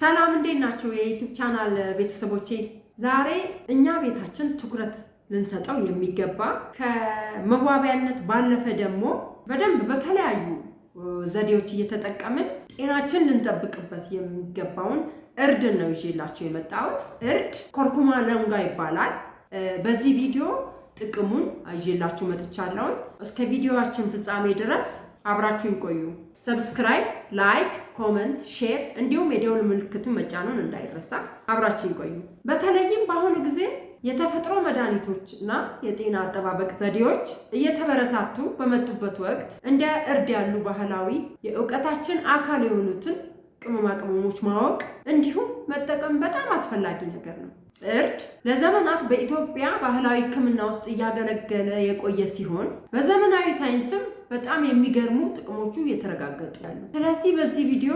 ሰላም እንዴት ናቸው የዩቲዩብ ቻናል ቤተሰቦቼ? ዛሬ እኛ ቤታችን ትኩረት ልንሰጠው የሚገባ ከመዋቢያነት ባለፈ ደግሞ በደንብ በተለያዩ ዘዴዎች እየተጠቀምን ጤናችን ልንጠብቅበት የሚገባውን እርድን ነው ይላቸው የመጣሁት። እርድ ኮርኩማ ለንጋ ይባላል። በዚህ ቪዲዮ ጥቅሙን ይዤላችሁ መጥቻለሁኝ። እስከ ቪዲዮችን ፍጻሜ ድረስ አብራችሁ ይቆዩ። ሰብስክራይብ፣ ላይክ፣ ኮመንት፣ ሼር እንዲሁም የደውል ምልክቱን መጫኑን እንዳይረሳ። አብራችን ይቆዩ። በተለይም በአሁኑ ጊዜ የተፈጥሮ መድኃኒቶች እና የጤና አጠባበቅ ዘዴዎች እየተበረታቱ በመጡበት ወቅት እንደ እርድ ያሉ ባህላዊ የእውቀታችን አካል የሆኑትን ቅመማ ቅመሞች ማወቅ እንዲሁም መጠቀም በጣም አስፈላጊ ነገር ነው። እርድ ለዘመናት በኢትዮጵያ ባህላዊ ሕክምና ውስጥ እያገለገለ የቆየ ሲሆን በዘመናዊ ሳይንስም በጣም የሚገርሙ ጥቅሞቹ እየተረጋገጡ ያሉ። ስለዚህ በዚህ ቪዲዮ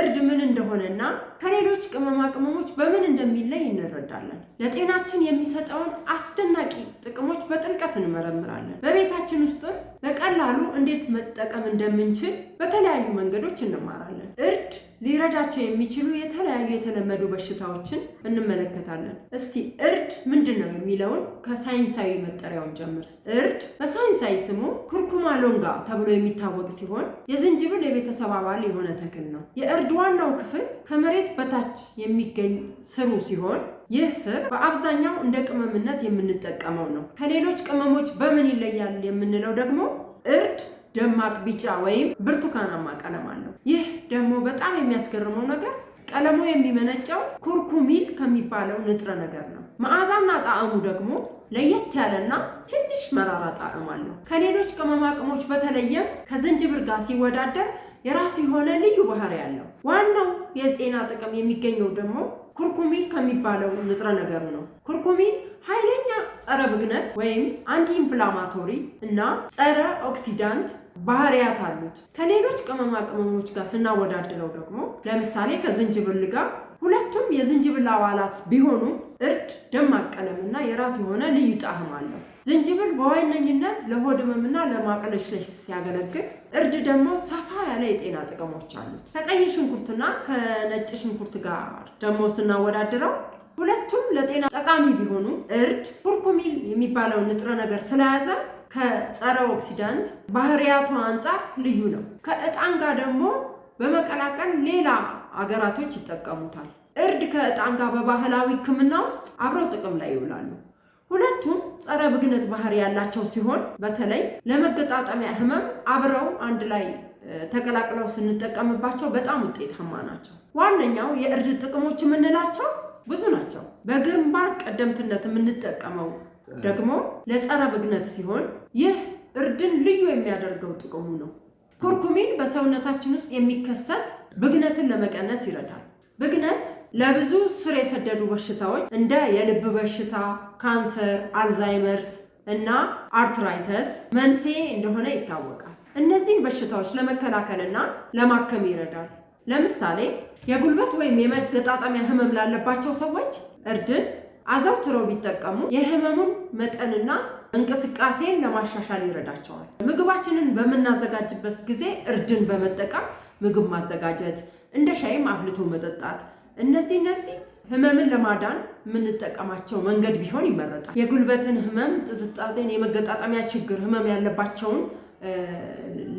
እርድ ምን እንደሆነና ከሌሎች ቅመማ ቅመሞች በምን እንደሚለይ እንረዳለን። ለጤናችን የሚሰጠውን አስደናቂ ጥቅሞች በጥልቀት እንመረምራለን። በቤታችን ውስጥም በቀላሉ እንዴት መጠቀም እንደምንችል በተለያዩ መንገዶች እንማራለን። እርድ ሊረዳቸው የሚችሉ የተለያዩ የተለመዱ በሽታዎችን እንመለከታለን። እስቲ እርድ ምንድን ነው የሚለውን ከሳይንሳዊ መጠሪያውን ጀምር። እርድ በሳይንሳዊ ስሙ ኩርኩማ ሎንጋ ተብሎ የሚታወቅ ሲሆን የዝንጅብል የቤተሰብ አባል የሆነ ተክል ነው። የእርድ ዋናው ክፍል ከመሬት በታች የሚገኝ ስሩ ሲሆን ይህ ስር በአብዛኛው እንደ ቅመምነት የምንጠቀመው ነው። ከሌሎች ቅመሞች በምን ይለያል የምንለው ደግሞ እርድ ደማቅ ቢጫ ወይም ብርቱካናማ ቀለም አለው። ይህ ደግሞ በጣም የሚያስገርመው ነገር ቀለሙ የሚመነጨው ኩርኩሚል ከሚባለው ንጥረ ነገር ነው። መዓዛና ጣዕሙ ደግሞ ለየት ያለና ትንሽ መራራ ጣዕም አለው። ከሌሎች ቅመማ ቅሞች በተለየም ከዝንጅብር ጋር ሲወዳደር የራሱ የሆነ ልዩ ባህሪ ያለው። ዋናው የጤና ጥቅም የሚገኘው ደግሞ ኩርኩሚል ከሚባለው ንጥረ ነገር ነው። ኩርኩሚል ኃይለኛ ጸረ ብግነት ወይም አንቲ ኢንፍላማቶሪ እና ጸረ ኦክሲዳንት ባህሪያት አሉት። ከሌሎች ቅመማ ቅመሞች ጋር ስናወዳድረው ደግሞ ለምሳሌ ከዝንጅብል ጋር ሁለቱም የዝንጅብል አባላት ቢሆኑ እርድ ደማቅ ቀለምና የራሱ የሆነ ልዩ ጣዕም አለው። ዝንጅብል በዋነኝነት ለሆድ ህመምና ለማቅለሽለሽ ሲያገለግል፣ እርድ ደግሞ ሰፋ ያለ የጤና ጥቅሞች አሉት። ከቀይ ሽንኩርትና ከነጭ ሽንኩርት ጋር ደግሞ ስናወዳድረው ሁለቱም ለጤና ጠቃሚ ቢሆኑ እርድ ኩርኩሚን የሚባለው ንጥረ ነገር ስለያዘ ከጸረ ኦክሲዳንት ባህሪያቱ አንጻር ልዩ ነው። ከእጣን ጋር ደግሞ በመቀላቀል ሌላ አገራቶች ይጠቀሙታል። እርድ ከእጣን ጋር በባህላዊ ሕክምና ውስጥ አብረው ጥቅም ላይ ይውላሉ። ሁለቱም ጸረ ብግነት ባህሪ ያላቸው ሲሆን በተለይ ለመገጣጠሚያ ህመም አብረው አንድ ላይ ተቀላቅለው ስንጠቀምባቸው በጣም ውጤታማ ናቸው። ዋነኛው የእርድ ጥቅሞች የምንላቸው ብዙ ናቸው። በግንባር ቀደምትነት የምንጠቀመው ደግሞ ለጸረ ብግነት ሲሆን ይህ እርድን ልዩ የሚያደርገው ጥቅሙ ነው። ኩርኩሚን በሰውነታችን ውስጥ የሚከሰት ብግነትን ለመቀነስ ይረዳል። ብግነት ለብዙ ስር የሰደዱ በሽታዎች እንደ የልብ በሽታ፣ ካንሰር፣ አልዛይመርስ እና አርትራይተስ መንስኤ እንደሆነ ይታወቃል። እነዚህን በሽታዎች ለመከላከልና ለማከም ይረዳል። ለምሳሌ የጉልበት ወይም የመገጣጠሚያ ህመም ላለባቸው ሰዎች እርድን አዘውትረው ቢጠቀሙ የህመሙን መጠንና እንቅስቃሴን ለማሻሻል ይረዳቸዋል። ምግባችንን በምናዘጋጅበት ጊዜ እርድን በመጠቀም ምግብ ማዘጋጀት፣ እንደ ሻይም አፍልቶ መጠጣት፣ እነዚህ እነዚህ ህመምን ለማዳን የምንጠቀማቸው መንገድ ቢሆን ይመረጣል። የጉልበትን ህመም፣ ጥዝጣዜን፣ የመገጣጠሚያ ችግር ህመም ያለባቸውን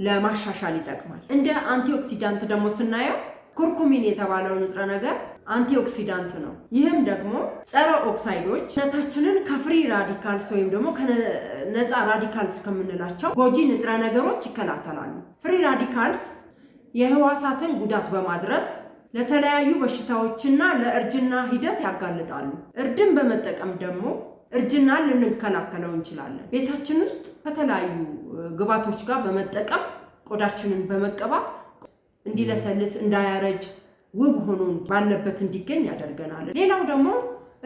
ለማሻሻል ይጠቅማል። እንደ አንቲኦክሲዳንት ደግሞ ስናየው ኩርኩሚን የተባለው ንጥረ ነገር አንቲኦክሲዳንት ነው። ይህም ደግሞ ጸረ ኦክሳይዶች ነታችንን ከፍሪ ራዲካልስ ወይም ደግሞ ከነፃ ራዲካልስ ከምንላቸው ጎጂ ንጥረ ነገሮች ይከላከላሉ። ፍሪ ራዲካልስ የህዋሳትን ጉዳት በማድረስ ለተለያዩ በሽታዎችና ለእርጅና ሂደት ያጋልጣሉ። እርድን በመጠቀም ደግሞ እርጅናን ልንከላከለው እንችላለን። ቤታችን ውስጥ ከተለያዩ ግብዓቶች ጋር በመጠቀም ቆዳችንን በመቀባት እንዲለሰልስ እንዳያረጅ ውብ ሆኖ ባለበት እንዲገኝ ያደርገናል። ሌላው ደግሞ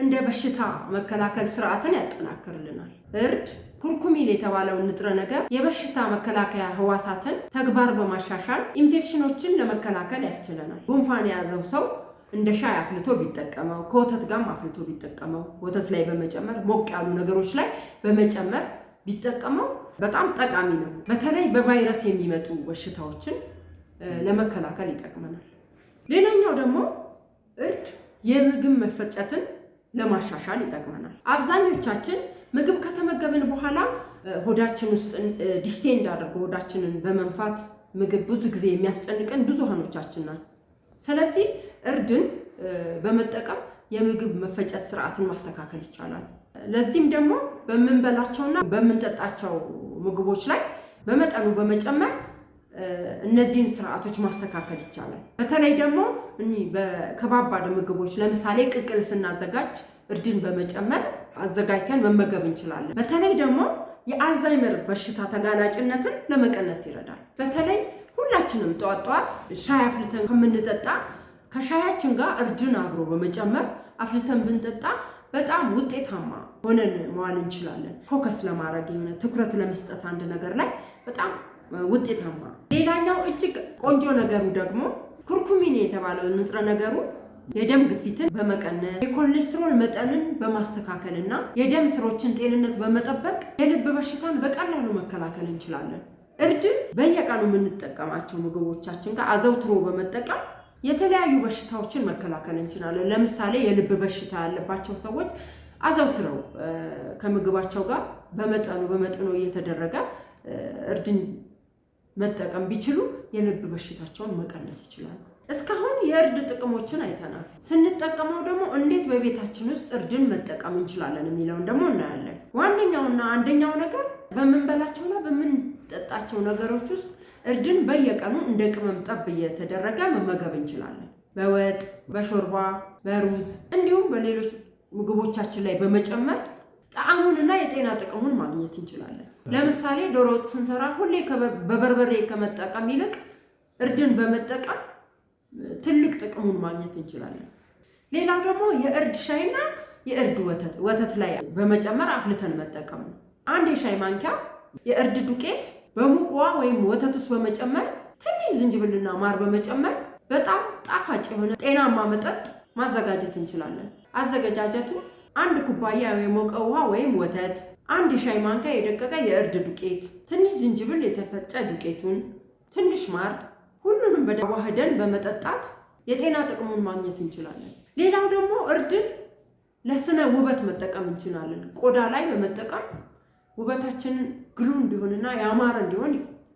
እንደ በሽታ መከላከል ስርዓትን ያጠናክርልናል። እርድ ኩርኩሚን የተባለውን ንጥረ ነገር የበሽታ መከላከያ ህዋሳትን ተግባር በማሻሻል ኢንፌክሽኖችን ለመከላከል ያስችለናል። ጉንፋን የያዘው ሰው እንደ ሻይ አፍልቶ ቢጠቀመው፣ ከወተት ጋርም አፍልቶ ቢጠቀመው፣ ወተት ላይ በመጨመር ሞቅ ያሉ ነገሮች ላይ በመጨመር ቢጠቀመው በጣም ጠቃሚ ነው። በተለይ በቫይረስ የሚመጡ በሽታዎችን ለመከላከል ይጠቅመናል። ሌላኛው ደግሞ እርድ የምግብ መፈጨትን ለማሻሻል ይጠቅመናል። አብዛኞቻችን ምግብ ከተመገብን በኋላ ሆዳችን ውስጥ ዲስቴ እንዳደርገ ሆዳችንን በመንፋት ምግብ ብዙ ጊዜ የሚያስጨንቀን ብዙሃኖቻችን ናል። ስለዚህ እርድን በመጠቀም የምግብ መፈጨት ስርዓትን ማስተካከል ይቻላል። ለዚህም ደግሞ በምንበላቸውና በምንጠጣቸው ምግቦች ላይ በመጠኑ በመጨመር እነዚህን ስርዓቶች ማስተካከል ይቻላል። በተለይ ደግሞ ከባባድ ምግቦች ለምሳሌ ቅቅል ስናዘጋጅ እርድን በመጨመር አዘጋጅተን መመገብ እንችላለን። በተለይ ደግሞ የአልዛይመር በሽታ ተጋላጭነትን ለመቀነስ ይረዳል። በተለይ ሁላችንም ጠዋት ጠዋት ሻይ አፍልተን ከምንጠጣ ከሻያችን ጋር እርድን አብሮ በመጨመር አፍልተን ብንጠጣ በጣም ውጤታማ ሆነን መዋል እንችላለን። ፎከስ ለማድረግ የሆነ ትኩረት ለመስጠት አንድ ነገር ላይ በጣም ውጤታማ ሌላኛው እጅግ ቆንጆ ነገሩ ደግሞ ኩርኩሚን የተባለው ንጥረ ነገሩ የደም ግፊትን በመቀነስ የኮሌስትሮል መጠንን በማስተካከል እና የደም ስሮችን ጤንነት በመጠበቅ የልብ በሽታን በቀላሉ መከላከል እንችላለን። እርድን በየቀኑ የምንጠቀማቸው ምግቦቻችን ጋር አዘውትሮ በመጠቀም የተለያዩ በሽታዎችን መከላከል እንችላለን። ለምሳሌ የልብ በሽታ ያለባቸው ሰዎች አዘውትረው ከምግባቸው ጋር በመጠኑ በመጠኑ እየተደረገ እርድን መጠቀም ቢችሉ የልብ በሽታቸውን መቀነስ ይችላሉ። እስካሁን የእርድ ጥቅሞችን አይተናል። ስንጠቀመው ደግሞ እንዴት በቤታችን ውስጥ እርድን መጠቀም እንችላለን የሚለውን ደግሞ እናያለን። ዋነኛውና አንደኛው ነገር በምንበላቸውና በምንጠጣቸው ነገሮች ውስጥ እርድን በየቀኑ እንደ ቅመም ጠብ እየተደረገ መመገብ እንችላለን። በወጥ፣ በሾርባ፣ በሩዝ እንዲሁም በሌሎች ምግቦቻችን ላይ በመጨመር ጣዕሙንና የጤና ጥቅሙን ማግኘት እንችላለን። ለምሳሌ ዶሮ ወጥ ስንሰራ ሁሌ በበርበሬ ከመጠቀም ይልቅ እርድን በመጠቀም ትልቅ ጥቅሙን ማግኘት እንችላለን። ሌላው ደግሞ የእርድ ሻይና የእርድ ወተት ወተት ላይ በመጨመር አፍልተን መጠቀም ነው። አንድ የሻይ ማንኪያ የእርድ ዱቄት በሙቋ ወይም ወተት ውስጥ በመጨመር ትንሽ ዝንጅብልና ማር በመጨመር በጣም ጣፋጭ የሆነ ጤናማ መጠጥ ማዘጋጀት እንችላለን። አዘገጃጀቱ አንድ ኩባያ የሞቀ ውሃ ወይም ወተት፣ አንድ የሻይ ማንኪያ የደቀቀ የእርድ ዱቄት፣ ትንሽ ዝንጅብል የተፈጨ ዱቄቱን፣ ትንሽ ማር፣ ሁሉንም በዋህደን በመጠጣት የጤና ጥቅሙን ማግኘት እንችላለን። ሌላው ደግሞ እርድን ለስነ ውበት መጠቀም እንችላለን። ቆዳ ላይ በመጠቀም ውበታችንን ግሉ እንዲሆንና ያማረ እንዲሆን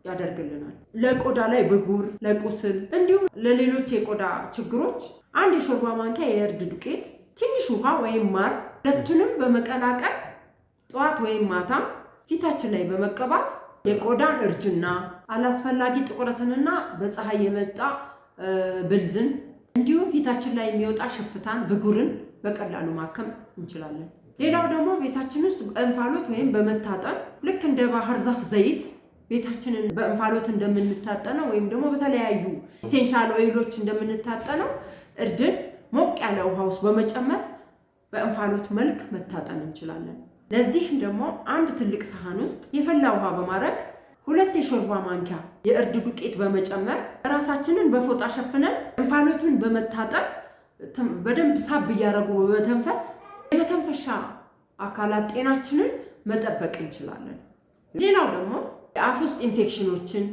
ያደርግልናል። ለቆዳ ላይ ብጉር፣ ለቁስል እንዲሁም ለሌሎች የቆዳ ችግሮች አንድ የሾርባ ማንኪያ የእርድ ዱቄት፣ ትንሽ ውሃ ወይም ማር ሁለቱንም በመቀላቀል ጠዋት ወይም ማታ ፊታችን ላይ በመቀባት የቆዳን እርጅና፣ አላስፈላጊ ጥቁረትንና በፀሐይ የመጣ ብልዝን እንዲሁም ፊታችን ላይ የሚወጣ ሽፍታን፣ ብጉርን በቀላሉ ማከም እንችላለን። ሌላው ደግሞ ቤታችን ውስጥ በእንፋሎት ወይም በመታጠን ልክ እንደ ባህር ዛፍ ዘይት ቤታችንን በእንፋሎት እንደምንታጠነው ወይም ደግሞ በተለያዩ ኢሴንሻል ኦይሎች እንደምንታጠነው እርድን ሞቅ ያለ ውሃ ውስጥ በመጨመር በእንፋሎት መልክ መታጠን እንችላለን። ለዚህም ደግሞ አንድ ትልቅ ሳህን ውስጥ የፈላ ውሃ በማድረግ ሁለት የሾርባ ማንኪያ የእርድ ዱቄት በመጨመር ራሳችንን በፎጣ ሸፍነን እንፋሎቱን በመታጠብ በደንብ ሳብ እያደረጉ በመተንፈስ የመተንፈሻ አካላት ጤናችንን መጠበቅ እንችላለን። ሌላው ደግሞ የአፍ ውስጥ ኢንፌክሽኖችን፣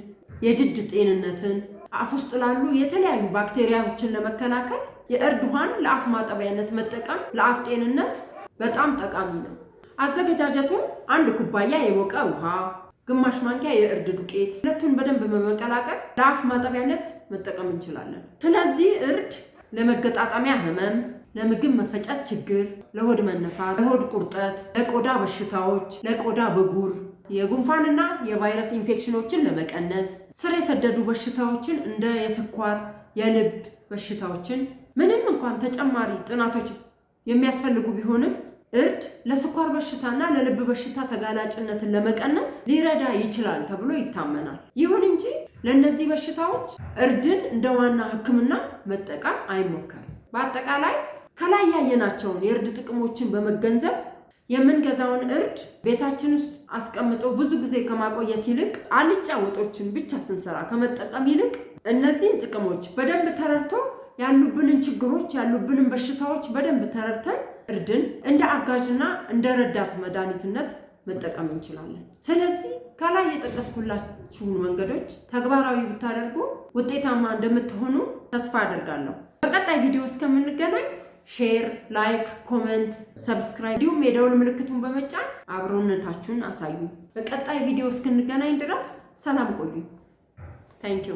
የድድ ጤንነትን፣ አፍ ውስጥ ላሉ የተለያዩ ባክቴሪያዎችን ለመከላከል የእርድ ውሃን ለአፍ ማጠቢያነት መጠቀም ለአፍ ጤንነት በጣም ጠቃሚ ነው። አዘገጃጀቱም አንድ ኩባያ የሞቀ ውሃ፣ ግማሽ ማንኪያ የእርድ ዱቄት፣ ሁለቱን በደንብ በመቀላቀል ለአፍ ማጠቢያነት መጠቀም እንችላለን። ስለዚህ እርድ ለመገጣጠሚያ ህመም፣ ለምግብ መፈጨት ችግር፣ ለሆድ መነፋት፣ ለሆድ ቁርጠት፣ ለቆዳ በሽታዎች፣ ለቆዳ ብጉር የጉንፋንና የቫይረስ ኢንፌክሽኖችን ለመቀነስ ስር የሰደዱ በሽታዎችን እንደ የስኳር የልብ በሽታዎችን ምንም እንኳን ተጨማሪ ጥናቶች የሚያስፈልጉ ቢሆንም እርድ ለስኳር በሽታና ለልብ በሽታ ተጋላጭነትን ለመቀነስ ሊረዳ ይችላል ተብሎ ይታመናል። ይሁን እንጂ ለእነዚህ በሽታዎች እርድን እንደ ዋና ሕክምና መጠቀም አይሞከርም። በአጠቃላይ ከላይ ያየናቸውን የእርድ ጥቅሞችን በመገንዘብ የምንገዛውን እርድ ቤታችን ውስጥ አስቀምጦ ብዙ ጊዜ ከማቆየት ይልቅ አልጫ ወጦችን ብቻ ስንሰራ ከመጠቀም ይልቅ እነዚህን ጥቅሞች በደንብ ተረድቶ ያሉብንን ችግሮች ያሉብንን በሽታዎች በደንብ ተረድተን እርድን እንደ አጋዥና እንደ ረዳት መድኃኒትነት መጠቀም እንችላለን። ስለዚህ ከላይ የጠቀስኩላችሁን መንገዶች ተግባራዊ ብታደርጉ ውጤታማ እንደምትሆኑ ተስፋ አደርጋለሁ። በቀጣይ ቪዲዮ እስከምንገናኝ ሼር፣ ላይክ፣ ኮመንት፣ ሰብስክራይብ እንዲሁም የደውል ምልክቱን በመጫን አብሮነታችሁን አሳዩ። በቀጣይ ቪዲዮ እስክንገናኝ ድረስ ሰላም ቆዩ። ታንኪዩ